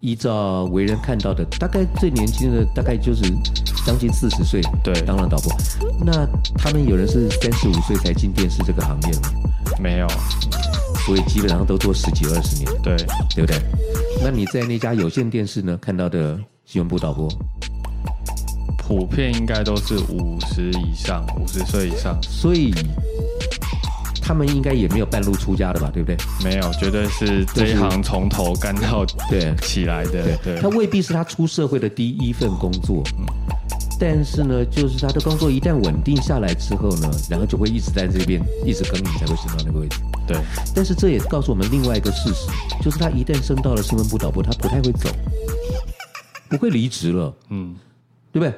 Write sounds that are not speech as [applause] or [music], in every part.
依照唯仁看到的，大概最年輕的大概就是將近四十歲，對，當了導播。那他們有人是三十五歲才進電視這個行業嗎？沒有，所以基本上都做十幾二十年，對，對不對？那你在那家有線電視呢看到的新聞部導播，普遍應該都是五十以上，五十歲以上，所以。他們應該也沒有半路出家的吧，對不對？沒有，絕對是這一行從頭幹到對起來的。對，對，他未必是他出社會的第一份工作，嗯，但是呢，就是他的工作一旦穩定下來之後呢，然後就會一直在這邊一直耕耘，才會升到那個位置。對，但是這也告訴我們另外一個事實，就是他一旦升到了新聞部導播，他不太會走，不會離職了，嗯，對不對？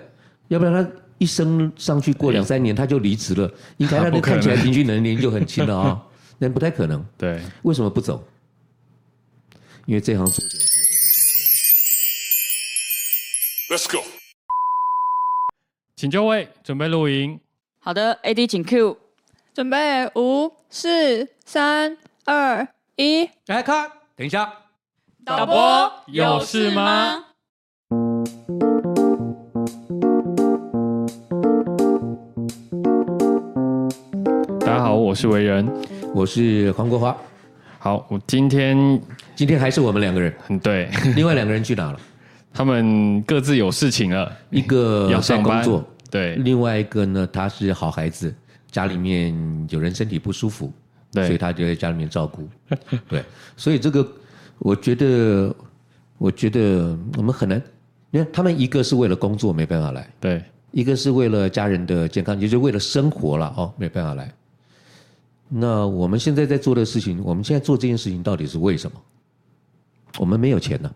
要不然他。一升上去過兩三年，對他就離職了。你看，那個看起來平均年齡就很輕了啊，哦，那 [laughs] 不太可能。對，為什麼不走？因為這行做久了。Let's go，請就位，準備錄影。好的，AD，請 Q，準備五、四、三、二、一。來看，等一下，導播，導播有事嗎？我是唯仁，我是黃國華。好，我今天今天還是我們兩個人，很對。 [laughs] 另外兩個人去哪了？他們各自有事情啊，一個工作要上班，對；另外一個呢，他是好孩子，對家裡面有人身體不舒服，對所以他就在家裡面照顧。對， [laughs] 所以這個我覺得，我覺得我們可能，因為他們一個是為了工作沒辦法來，對；一個是為了家人的健康，也就是為了生活了哦，沒辦法來。那我們現在在做的事情，我們現在做這件事情到底是為什麼？我們沒有錢呢。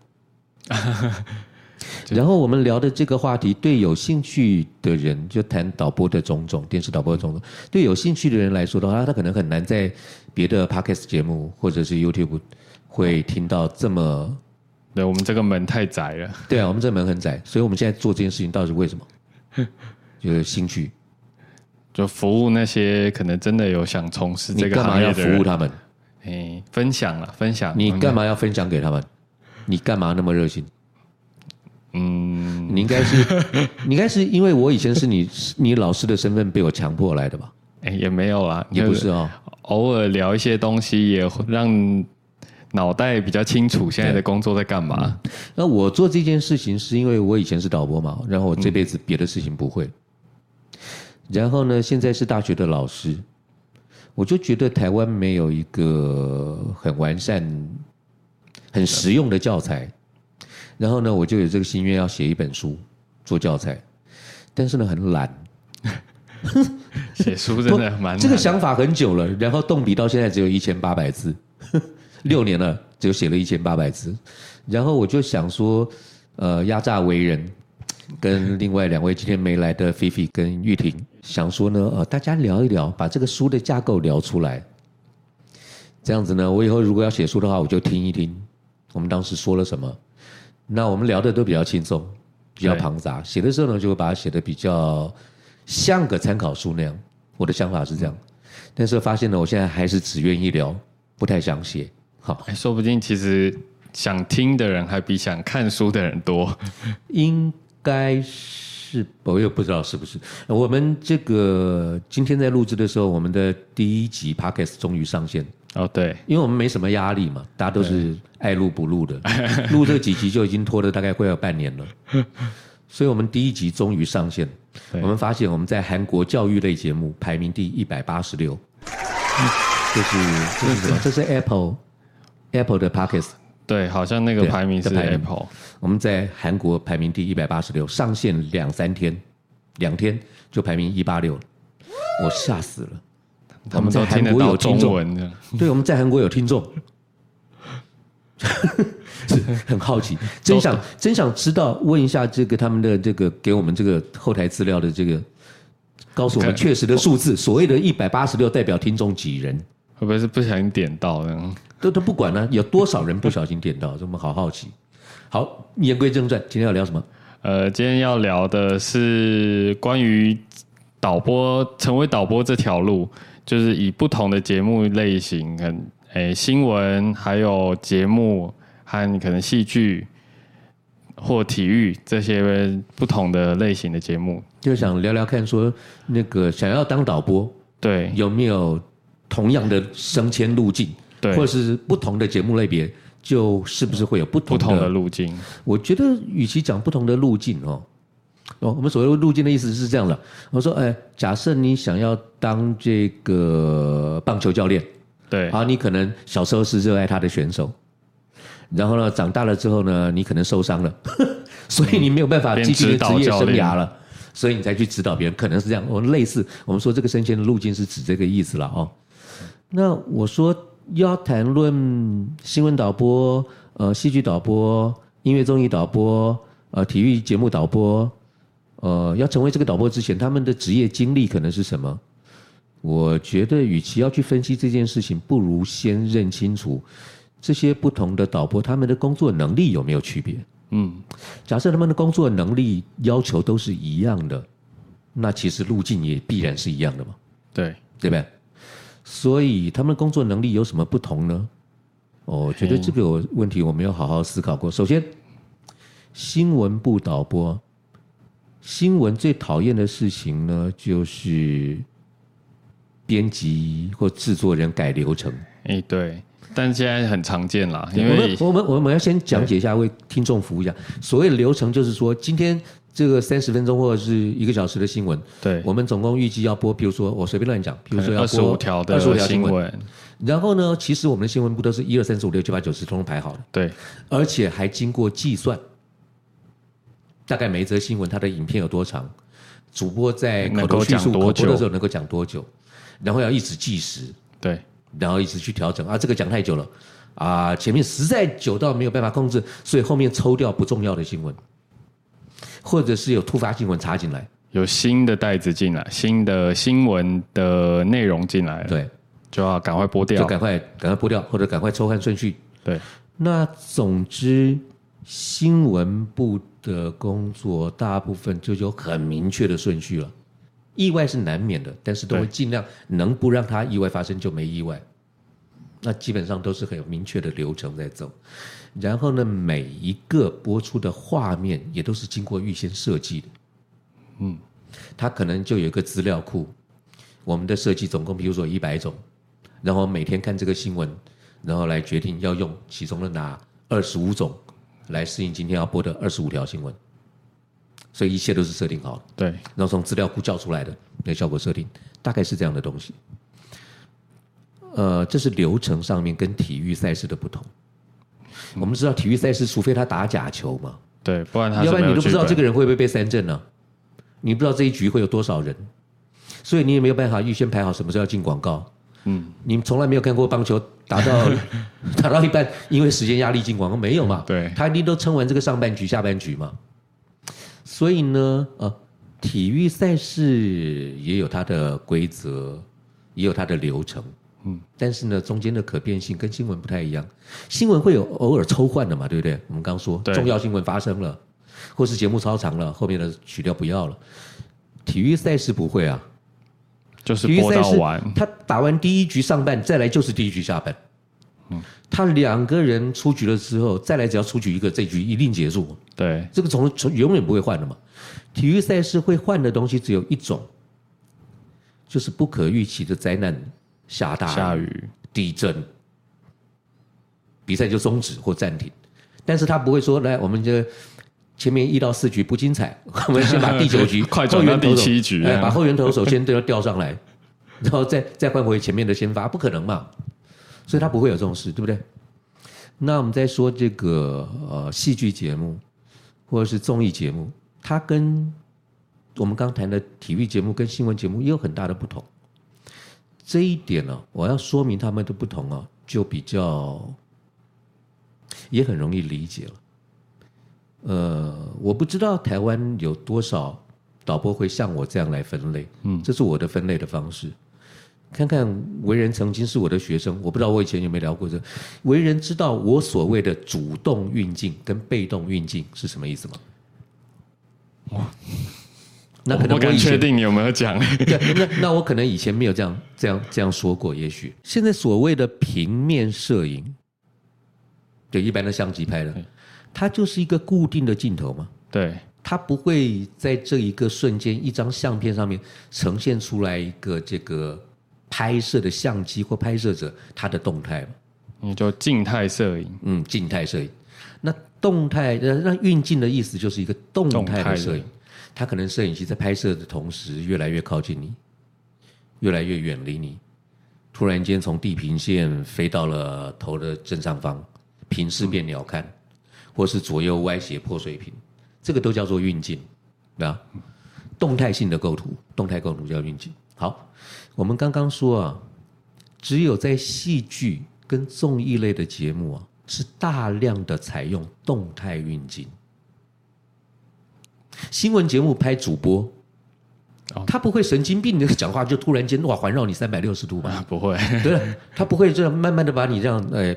[laughs] 就然後我們聊的這個話題，對有興趣的人，就談導播的種種，電視導播的種種，對有興趣的人來說的話，他可能很難在別的 Podcast 節目或者是 YouTube 會聽到這麼。對，我們這個門太窄了。對啊，我們這個門很窄，所以我們現在做這件事情到底是為什麼？就是興趣。就服務那些可能真的有想從事這個行業的人，你幹嘛要服務他們？哎，分享了，分享。你幹嘛要分享給他們？你幹嘛那麼熱心？嗯，你應該是， [laughs] 你應該是因為我以前是你，你老師的身份被我強迫來的吧？哎、欸，也沒有啦也不是啊、喔。偶爾聊一些東西，也讓腦袋比較清楚現在的工作在幹嘛、嗯。那我做這件事情是因為我以前是導播嘛，然後我這輩子別的事情不會。嗯然後呢，現在是大學的老師，我就覺得台灣沒有一個很完善、很實用的教材。然後呢，我就有這個心願要寫一本書做教材，但是呢，很懶，寫書真的蠻難的 [laughs] 這個想法很久了，然後動筆到現在只有一千八百字，六年了，只有寫了一千八百字。然後我就想說，呃，壓榨唯仁。跟另外兩位今天沒來的菲菲跟玉婷，想說呢，呃、哦，大家聊一聊，把這個書的架構聊出來。這樣子呢，我以後如果要寫書的話，我就聽一聽我們當時說了什麼。那我們聊的都比較輕鬆，比較龐雜，對寫的時候呢，就會把它寫得比較像個參考書那樣。我的想法是這樣，但是發現呢，我現在還是只願意聊，不太想寫。好、哦，說不定其實想聽的人還比想看書的人多。因該是，我也不知道是不是。我們這個今天在錄制的時候，我們的第一集 Podcast 終於上線哦，對，因為我們沒什麼壓力嘛，大家都是愛錄不錄的，對錄這幾集就已經拖了大概快要半年了。 [laughs] 所以我們第一集終於上線，對我們發現我們在韓國教育類節目排名第一百八十六，這是什麼 [laughs] 這是這是 Apple Apple 的 Podcast 對，好像那個排名是 Apple 的排名。我們在韓國排名第一百八十六，上線兩三天，兩天就排名一八六了，我嚇死了。他們，都他們在韓國有聽中文的，對，我們在韓國有聽眾。 [laughs] [laughs] 很好奇， [laughs] 真想真想知道，問一下這個他們的這個給我們這個後台資料的這個，告訴我們確實的數字，所謂的一百八十六代表聽眾幾人？會不會是不小心點到的？都都不管、啊、有多少人不小心點到？我們好好奇。好，言歸正傳，今天要聊什麼？呃，今天要聊的是關於導播成為導播這條路，就是以不同的節目類型，跟誒、欸、新聞，還有節目，和可能戲劇或體育這些不同的類型的節目，就想聊聊看說，說那個想要當導播，對，有沒有？同樣的升遷路徑，對，或者是不同的節目類別，就是不是會有不同的路徑？我覺得，與其講不同的路徑哦，我們所謂路徑的意思是這樣的。我說，哎、欸，假設你想要當這個棒球教練，對，好，你可能小時候是熱愛他的選手，然後呢，長大了之後呢，你可能受傷了， [laughs] 所以你沒有辦法繼續的職業生涯了，所以你才去指導別人，可能是這樣。我們類似，我們說這個升遷的路徑是指這個意思了哦。那我說要談論新聞導播、呃、戲劇導播、音樂綜藝導播、呃、體育節目導播，呃，要成為這個導播之前，他們的職業經歷可能是什麼？我覺得，與其要去分析這件事情，不如先認清楚這些不同的導播，他們的工作能力有沒有區別？嗯，假設他們的工作能力要求都是一樣的，那其實路徑也必然是一樣的嘛，對，對不對？所以他們工作能力有什麼不同呢？哦，我覺得這個問題我沒有好好思考過。嘿首先，新聞部導播，新聞最討厭的事情呢，就是編輯或製作人改流程。哎，對，但現在很常見啦。對因為我們我們我們要先講解一下，嘿為聽眾服務一下。所謂的流程，就是說今天。這個三十分鐘或者是一個小時的新聞，對，我們總共預計要播，比如說我隨便亂講，比如說要播二十五條的新聞，然後呢，其實我們的新聞部都是一二三四五六七八九十，通通排好了，對，而且還經過計算，大概每一則新聞它的影片有多長，主播在口頭敘述、口播的時候能夠講多久，然後要一直計時，對，然後一直去調整啊，這個講太久了，啊，前面實在久到沒有辦法控制，所以後面抽掉不重要的新聞。或者是有突發新聞插進來，有新的帶子進來，新的新聞的內容進來，對，就要趕快播掉，就趕快趕快播掉，或者趕快抽換順序。對，那總之新聞部的工作大部分就有很明確的順序了。意外是難免的，但是都會盡量能不讓它意外發生，就沒意外。那基本上都是很有明確的流程在走，然後呢，每一個播出的畫面也都是經過預先設計的。嗯，它可能就有一個資料庫，我們的設計總共比如說一百種，然後每天看這個新聞，然後來決定要用其中的哪二十五種來適應今天要播的二十五條新聞，所以一切都是設定好，對，然後從資料庫叫出來的，那個效果設定大概是這樣的東西。呃，這是流程上面跟體育賽事的不同。我們知道體育賽事，除非他打假球嘛，對，不然他是有，要不然你都不知道這個人會不會被三振呢？啊？你不知道這一局會有多少人，所以你也沒有辦法預先排好什麼時候要進廣告。嗯，你從來沒有看過棒球打到打到一半，因為時間壓力進廣告沒有嘛？對，他一定都撐完這個上半局，下半局嘛。所以呢，呃，體育賽事也有它的規則，也有它的流程。嗯，但是呢，中間的可變性跟新聞不太一樣。新聞會有偶爾抽換的嘛，對不對？我們剛說對重要新聞發生了，或是節目超長了，後面的曲調不要了。體育賽事不會啊，就是播到完賽，他打完第一局上半再來就是第一局下半。嗯、他兩個人出局了之後再來，只要出局一個這一局一定結束。對，這個從從永遠不會換的嘛。體育賽事會換的東西只有一種，就是不可預期的災難。下大雨、地震，比賽就終止或暫停。但是他不會說，來，我們這前面一到四局不精彩，我們先把第九局 [laughs] 快轉到第七局來，把後援投手先都要調上來， [laughs] 然後再再換回前面的先發，不可能嘛？所以，他不會有這種事，對不對？那我們再說這個呃戲劇節目或者是綜藝節目，它跟我們剛談的體育節目跟新聞節目也有很大的不同。這一點呢、啊，我要說明他們的不同啊，就比較也很容易理解了。呃，我不知道台灣有多少導播會像我這樣來分類，嗯，這是我的分類的方式。嗯、看看唯仁曾經是我的學生，我不知道我以前有沒有聊過這。唯仁知道我所謂的主動運鏡跟被動運鏡是什麼意思嗎？哇那可能我敢確定你有沒有講， [laughs] 那那我可能以前沒有這樣這樣這樣說過，也許現在所謂的平面攝影，就一般的相機拍的，對它就是一個固定的鏡頭嘛。對，它不會在這一個瞬間一張相片上面呈現出來一個這個拍攝的相機或拍攝者他的動態嘛。那就靜態攝影，嗯，靜態攝影。那動態那運鏡的意思就是一個動態的攝影。他可能攝影機在拍攝的同時，越來越靠近你，越來越遠離你，突然間從地平線飛到了頭的正上方，平視變鳥瞰，或是左右歪斜破水平，這個都叫做運鏡，對吧？動態性的構圖，動態構圖叫運鏡。好，我們剛剛說啊，只有在戲劇跟綜藝類的節目啊，是大量的採用動態運鏡。新聞節目拍主播，他不會神經病的講話，就突然間哇環繞你三百六十度吧？啊？不會， [laughs] 對，他不會，這樣慢慢的把你讓，哎，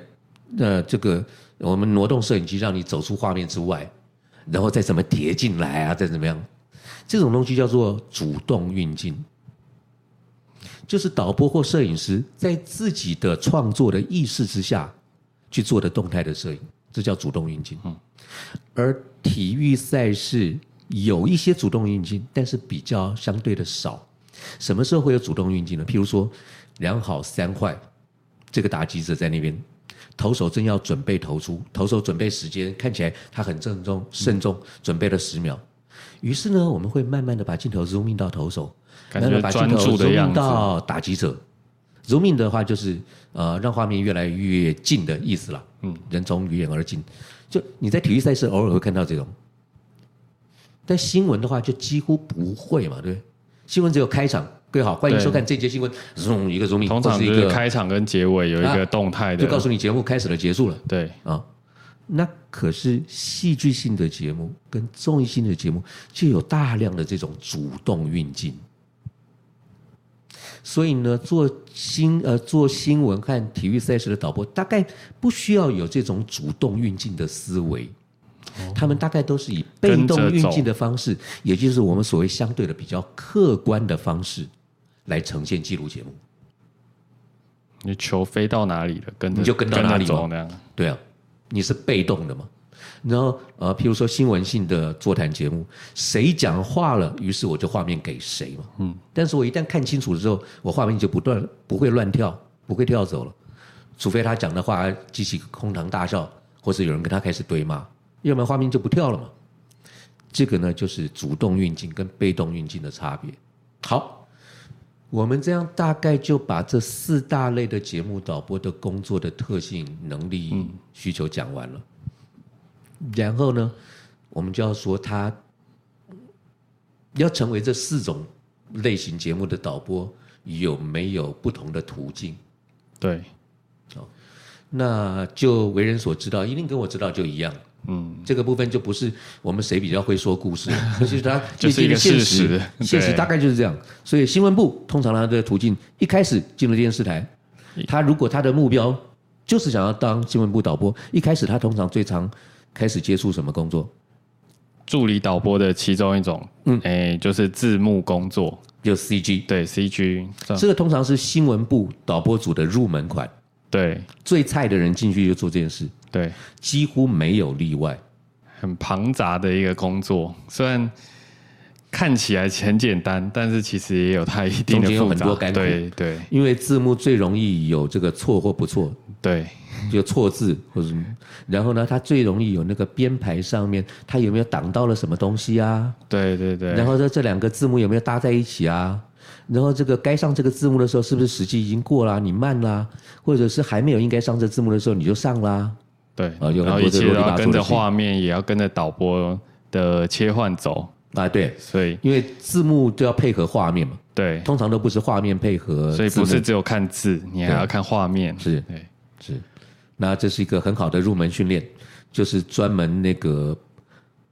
呃，這個我們挪動攝影機，讓你走出畫面之外，然後再怎麼疊進來啊，再怎麼樣，這種東西叫做主動運鏡，就是導播或攝影師在自己的創作的意識之下去做的動態的攝影，這叫主動運鏡。嗯，而體育賽事。有一些主動運鏡，但是比較相對的少。什麼時候會有主動運鏡呢？譬如說，兩好三壞，這個打擊者在那邊，投手正要準備投出，投手準備時間看起來他很鄭重慎重，嗯、準備了十秒。於是呢，我們會慢慢的把鏡頭 zoom in 到投手，然後把鏡頭 zoom in 到打擊者。zoom in 的話就是呃，讓畫面越來越近的意思啦。嗯，人從遠而近，就你在體育賽事偶爾會看到這種。但新聞的話，就幾乎不會嘛，對？新聞只有開場，各位好，歡迎收看這節新聞。這對一個什麼？通常是一個開場跟結尾，有一個動態、啊，就告訴你節目開始了，結束了。對啊、哦，那可是戲劇性的節目跟綜藝性的節目，就有大量的這種主動運鏡。所以呢，做新呃做新聞和體育賽事的導播，大概不需要有這種主動運鏡的思維。他們大概都是以被動運鏡的方式，也就是我們所謂相對的比較客觀的方式，來呈現紀錄節目。你球飛到哪裡了，跟你就跟到哪裡走，對啊，你是被動的嘛。然後呃，譬如說新聞性的座談節目，誰講話了，於是我就畫面給誰嘛。嗯，但是我一旦看清楚了之後，我畫面就不斷不會亂跳，不會跳走了，除非他講的話激起哄堂大笑，或者有人跟他開始對罵。要不然畫面就不跳了嘛。這個呢，就是主動運鏡跟被動運鏡的差別。好，我們這樣大概就把這四大類的節目導播的工作的特性、能力需求講完了。然後呢，我們就要說，他要成為這四種類型節目的導播，有沒有不同的途徑？對，好，哦，那就為人所知道，一定跟我知道就一樣。嗯，這個部分就不是我們誰比較會說故事，其實它就是一個現實，現實大概就是這樣。對。所以新聞部通常他的途徑，一開始進入電視台，他如果他的目標就是想要當新聞部導播，一開始他通常最常開始接觸什麼工作？助理導播的其中一種，嗯，哎、欸，就是字幕工作，就 CG，對，CG，這，這個通常是新聞部導播組的入門款，對，最菜的人進去就做這件事。對，幾乎沒有例外。很龐雜的一個工作，雖然看起來很簡單，但是其實也有它一定的複雜。對對，對，因為字幕最容易有這個錯或不錯，對，就錯字或者什麼。然後呢，它最容易有那個編排上面，它有沒有擋到了什麼東西啊？對對對。對對，然後這這兩個字幕有沒有搭在一起啊？然後這個該上這個字幕的時候，是不是時機已經過了啊？你慢啦啊，或者是還沒有應該上這字幕的時候你就上了啊？對啊，然多然後，一切都要跟着畫面，也要跟着導播的切換走啊。對，所以因為字幕就要配合畫面嘛。對，通常都不是畫面配合，所以不是只有看字，你還要看畫面。對對是，是。那這是一個很好的入門訓練，就是專門那個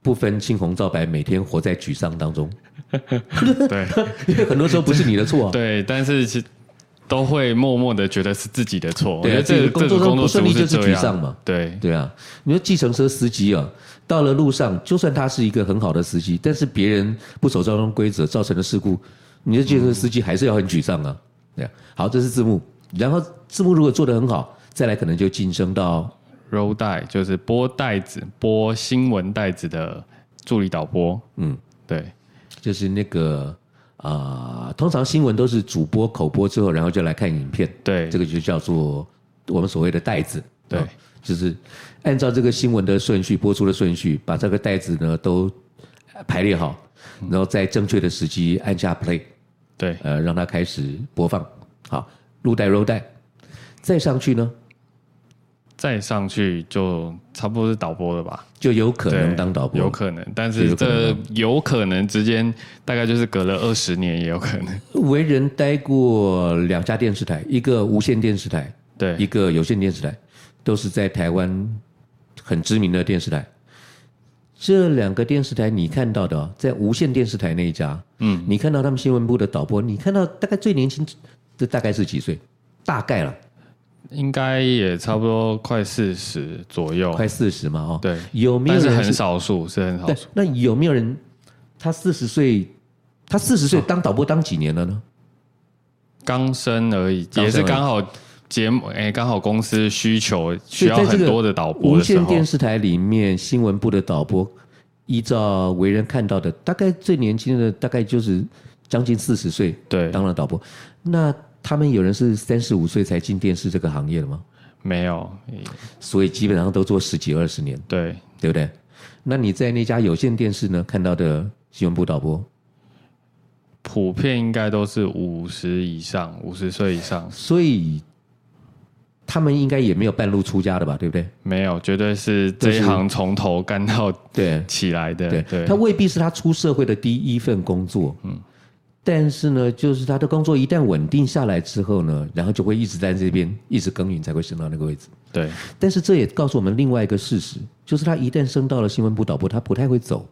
不分青紅皂白，每天活在沮喪當中。對，因為很多時候不是你的錯啊。對，但是其實。都會默默的覺得是自己的錯，我覺得這個工作中不順利就是沮喪嘛。對對啊，你說計程車司機啊，到了路上，就算他是一個很好的司機，但是別人不守交通規則造成的事故，你的計程車司機還是要很沮喪啊。嗯、對啊，好，這是字幕，然後字幕如果做得很好，再來可能就晉升到 roll 帶，就是播帶子、播新聞帶子的助理導播。嗯，對，就是那個。啊、呃，通常新聞都是主播口播之後，然後就來看影片。對，這個就叫做我們所謂的帶子。對、嗯，就是按照這個新聞的順序播出的順序，把這個帶子呢都排列好，然後在正確的時機按下 play。對，呃，讓它開始播放。好，錄帶、錄帶，再上去呢，再上去就差不多是導播了吧，就有可能當導播，有可能，但是這有可能之間大概就是隔了二十年也有可能。為人待過兩家電視台，一個無線電視台，對，一個有線電視台，都是在台灣很知名的電視台。這兩個電視台你看到的，啊，在無線電視台那一家，嗯，你看到他們新聞部的導播，你看到大概最年輕的大概是幾歲？大概了。應該也差不多快四十左右，快四十嘛？哦，對，有沒有人？但是很少數，是很少數。那有沒有人？他四十歲，他四十歲當導播當幾年了呢？剛、哦、升而已，也是剛好節目，哎，剛、欸、好公司需求需要、這個、很多的導播的。無線電視台裡面新聞部的導播，依照唯仁看到的，大概最年輕的大概就是將近四十歲，對，當了導播。對那他們有人是三十五歲才進電視這個行業的嗎？沒有，所以基本上都做十幾二十年。對，對不對？那你在那家有線電視呢，看到的新聞部導播，普遍應該都是五十以上，五十歲以上。所以他們應該也沒有半路出家的吧？對不對？沒有，絕對是、就是、這一行從頭幹到對起來的。對，對對，他未必是他出社會的第一份工作。嗯。但是呢，就是他的工作一旦穩定下來之後呢，然後就會一直在這邊一直耕耘，才會升到那個位置。對，但是這也告訴我們另外一個事實，就是他一旦升到了新聞部導播，他不太會走，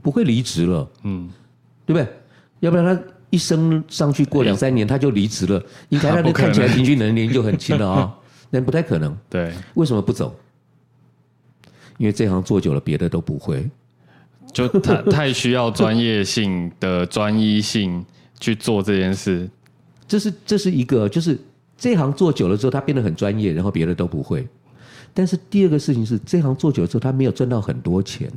不會離職了。嗯，對不對？要不然他一升上去過兩三年他就離職了、嗯，你看他都看起來平均年齡就很輕了、哦、啊，那不, [laughs] 不太可能。對，為什麼不走？因為這行做久了，別的都不會。就他太需要專業性的專一性去做這件事， [laughs] 這是這是一個，就是這行做久了之後，他變得很專業，然後別的都不會。但是第二個事情是，這行做久了之後，他沒有賺到很多錢。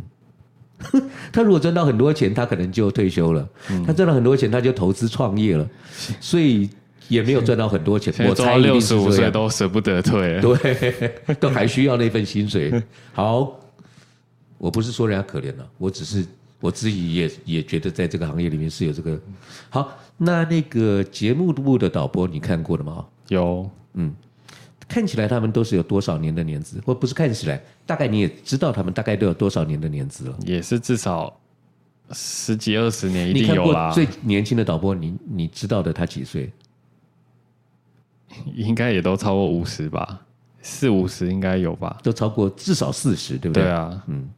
他 [laughs] 如果賺到很多錢，他可能就退休了。他賺、嗯、到很多錢，他就投資創業了，所以也沒有賺到很多錢。我猜六十五歲都捨不得退， [laughs] 對，都還需要那份薪水。好。我不是說人家可憐了，我只是我自己也也覺得在這個行業裡面是有這個。好，那那個節目部的導播你看過了嗎？有，嗯，看起來他們都是有多少年的年資，或不是看起來，大概你也知道他們大概都有多少年的年資了，也是至少十幾二十年，一定有啦。最年輕的導播，你你知道的，他幾歲？應該也都超過五十吧，四五十應該有吧，都超過至少四十，對不對？對啊，嗯。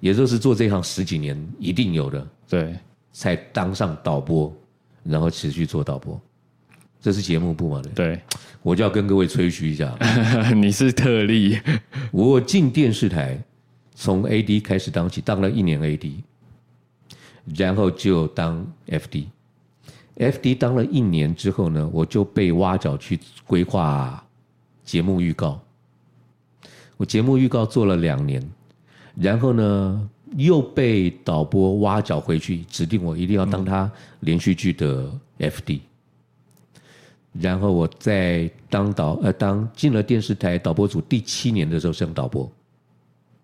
也就是做這一行十幾年，一定有的。對，才當上導播，然後持續做導播，這是節目部門的。對，對我就要跟各位吹噓一下， [laughs] 你是特例。我進電視台，從 AD 開始當起，當了一年 AD，然後就當 FD，FD 當了一年之後呢，我就被挖角去規劃節目預告。我節目預告做了兩年。然後呢，又被導播挖角回去，指定我一定要當他連續劇的 FD。嗯、然後我在當導呃當進了電視台導播組第七年的時候升導播，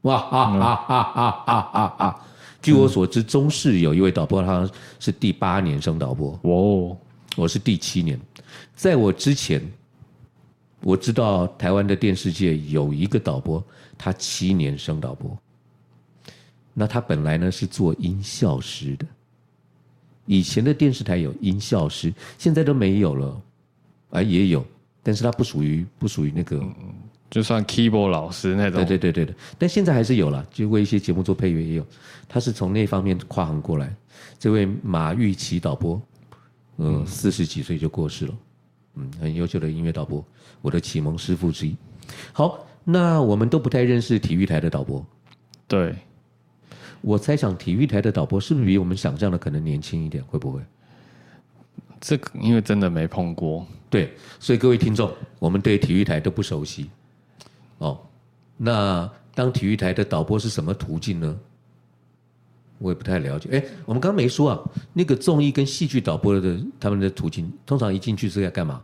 哇哈哈哈哈哈哈！哈，據我所知，中視有一位導播，他是第八年升導播。哦，我是第七年，在我之前，我知道台灣的電視界有一個導播，他七年升導播。那他本來呢是做音效師的，以前的電視台有音效師，現在都沒有了，啊也有，但是他不屬於不屬於那個，就算 keyboard 老師那種，對對對對的，但現在還是有了，就為一些節目做配樂也有，他是從那方面跨行過來。這位馬玉琪導播，呃、嗯，四十幾歲就過世了，嗯，很優秀的音樂導播，我的啟蒙師傅之一。好，那我們都不太認識體育台的導播，對。我猜想體育台的導播是不是比我們想象的可能年輕一點？會不會？這個因為真的沒碰過，對，所以各位聽眾，我們對體育台都不熟悉。哦，那當體育台的導播是什麼途徑呢？我也不太了解。哎，我們剛沒說啊，那個綜藝跟戲劇導播的他們的途徑，通常一進去是要幹嘛？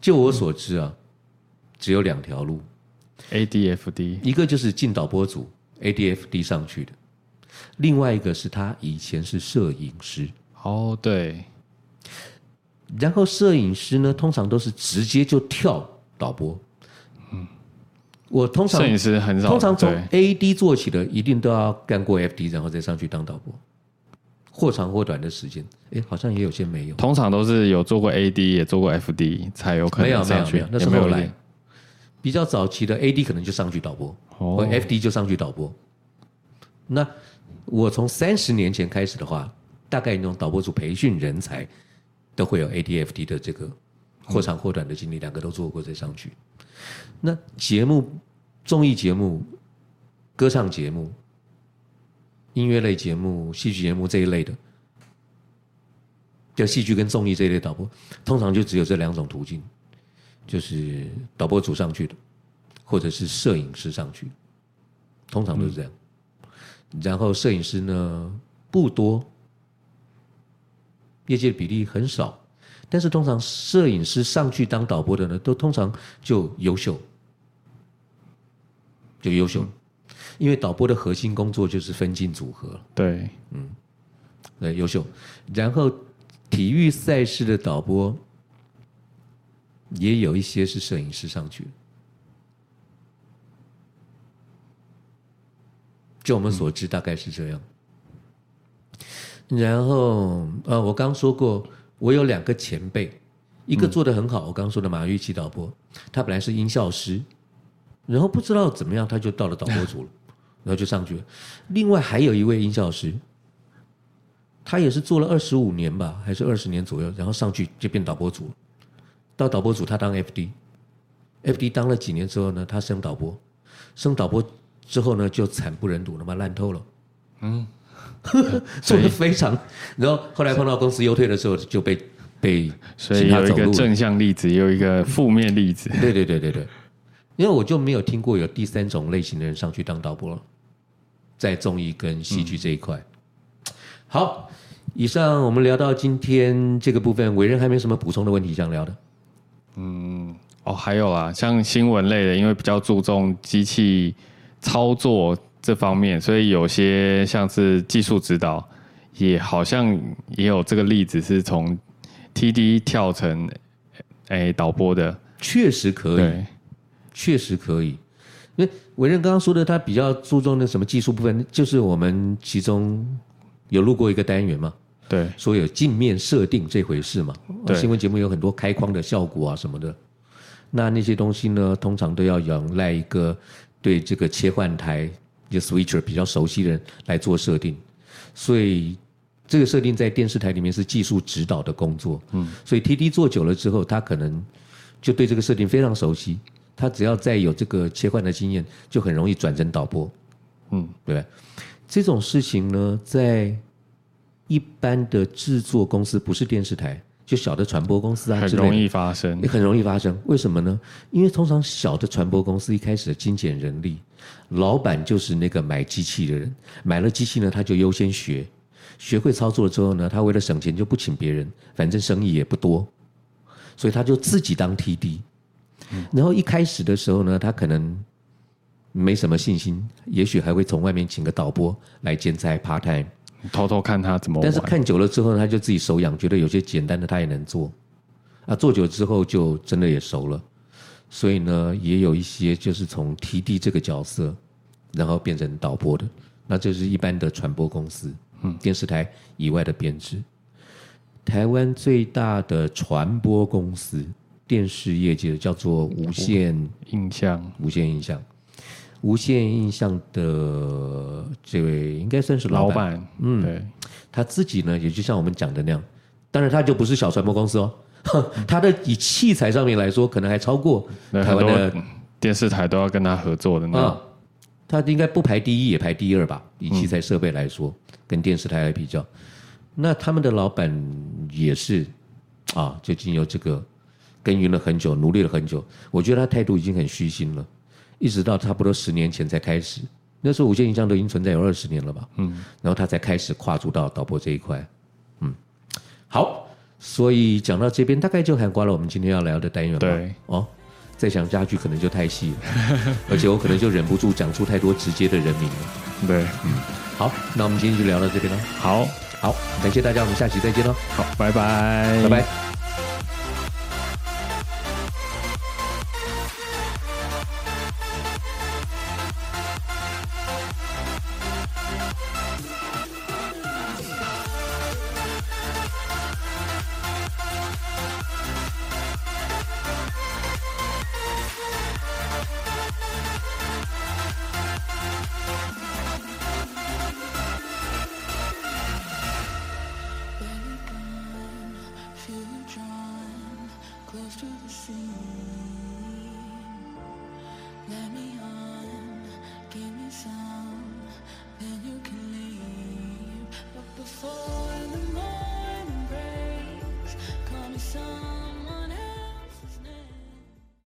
就我所知啊，嗯、只有兩條路：A、D、F、D，一個就是進導播組。A D F D 上去的，另外一個是他以前是攝影師哦，對。然後攝影師呢，通常都是直接就跳導播。嗯，我通常攝影師很少，通常從 A D 做起的，一定都要幹過 F D，然後再上去當導播。或長或短的時間，誒，好像也有些沒，沒有。通常都是有做過 A D，也做過 F D，才有可能。沒有沒有，沒有，那是沒有來。比較早期的 AD 可能就上去導播，或、oh. FD 就上去導播。那我從三十年前開始的話，大概那種導播組培訓人才都會有 AD、FD 的這個或長或短的經歷，兩、oh. 個都做過再上去。那節目、綜藝節目、歌唱節目、音樂類節目、戲劇節目這一類的，就戲劇跟綜藝這一類導播，通常就只有這兩種途徑，就是導播組上去的，或者是攝影師上去，通常都是這樣。嗯、然後攝影師呢不多，業界比例很少。但是通常攝影師上去當導播的呢，都通常就優秀，就優秀。嗯、因為導播的核心工作就是分鏡組合。對，嗯，對，優秀。然後體育賽事的導播。也有一些是攝影師上去，就我們所知大概是這樣。然後，呃，我剛說過，我有兩個前輩，一個做得很好。我剛說的馬玉奇導播，他本來是音效師，然後不知道怎麼樣，他就到了導播組了，然後就上去了。另外還有一位音效師，他也是做了二十五年吧，還是二十年左右，然後上去就變導播組了。到導播組，他當 F D，F D 當了幾年之後呢，他升導播，升導播之後呢，就慘不忍睹了嘛，他媽爛透了，嗯，做的 [laughs] 以非常，然後後來碰到公司優退的時候，就被被，所以有一個正向例子，也有一個負面例子，對、嗯、對對對對，因為我就沒有聽過有第三種類型的人上去當導播了，在綜藝跟戲劇這一塊。嗯、好，以上我們聊到今天這個部分，唯仁還沒有什麼補充的問題想聊的。嗯哦，還有啦，像新聞類的，因為比較注重機器操作這方面，所以有些像是技術指導，也好像也有這個例子是從 TD 跳成哎、欸、導播的，確實可以，確對實可以。因為唯仁剛剛說的，他比較注重的什麼技術部分，就是我們其中有錄過一個單元嗎？對，所以有鏡面設定這回事嘛？對新聞節目有很多開框的效果啊什麼的，那那些東西呢，通常都要仰賴一個對這個切換台的 switcher 比較熟悉的人來做設定。所以這個設定在電視台裡面是技術指導的工作。嗯，所以 TD 做久了之後，他可能就對這個設定非常熟悉。他只要再有這個切換的經驗，就很容易轉成導播。嗯，對。這種事情呢，在一般的製作公司不是電視台，就小的傳播公司啊之類的，很容易發生。你很容易發生，為什麼呢？因為通常小的傳播公司一開始的精簡人力，老闆就是那個買機器的人，買了機器呢，他就優先學，學會操作之後呢，他為了省錢就不請別人，反正生意也不多，所以他就自己當 TD。嗯。然後一開始的時候呢，他可能沒什麼信心，也許還會從外面請個導播來兼差 part time。偷偷看他怎麼，但是看久了之後，他就自己手癢，覺得有些簡單的他也能做，啊，做久了之後就真的也熟了，所以呢，也有一些就是從 TD 這個角色，然後變成導播的，那就是一般的傳播公司、嗯、電視台以外的編制。台灣最大的傳播公司電視業界叫做無線音像，無線音像。無限印象的這位應該算是老闆，嗯，對，他自己呢也就像我們講的那樣，當然他就不是小傳播公司哦，哼，他的以器材上面來說，可能還超過台灣的電視台都要跟他合作的。啊，他應該不排第一也排第二吧？以器材設備來說，跟電視台來比較，那他們的老闆也是啊，就經由這個耕耘了很久，努力了很久，我覺得他態度已經很虛心了。一直到差不多十年前才開始，那時候無線影像都已經存在有二十年了吧，嗯，然後他才開始跨足到導播這一塊，嗯，好，所以講到這邊大概就涵蓋了我們今天要聊的單元吧，對，哦，再講家具可能就太細了，而且我可能就忍不住講出太多直接的人名了。對，嗯，好，那我們今天就聊到這邊了，好，好，感謝大家，我們下期再見嘍，好，拜拜，拜拜。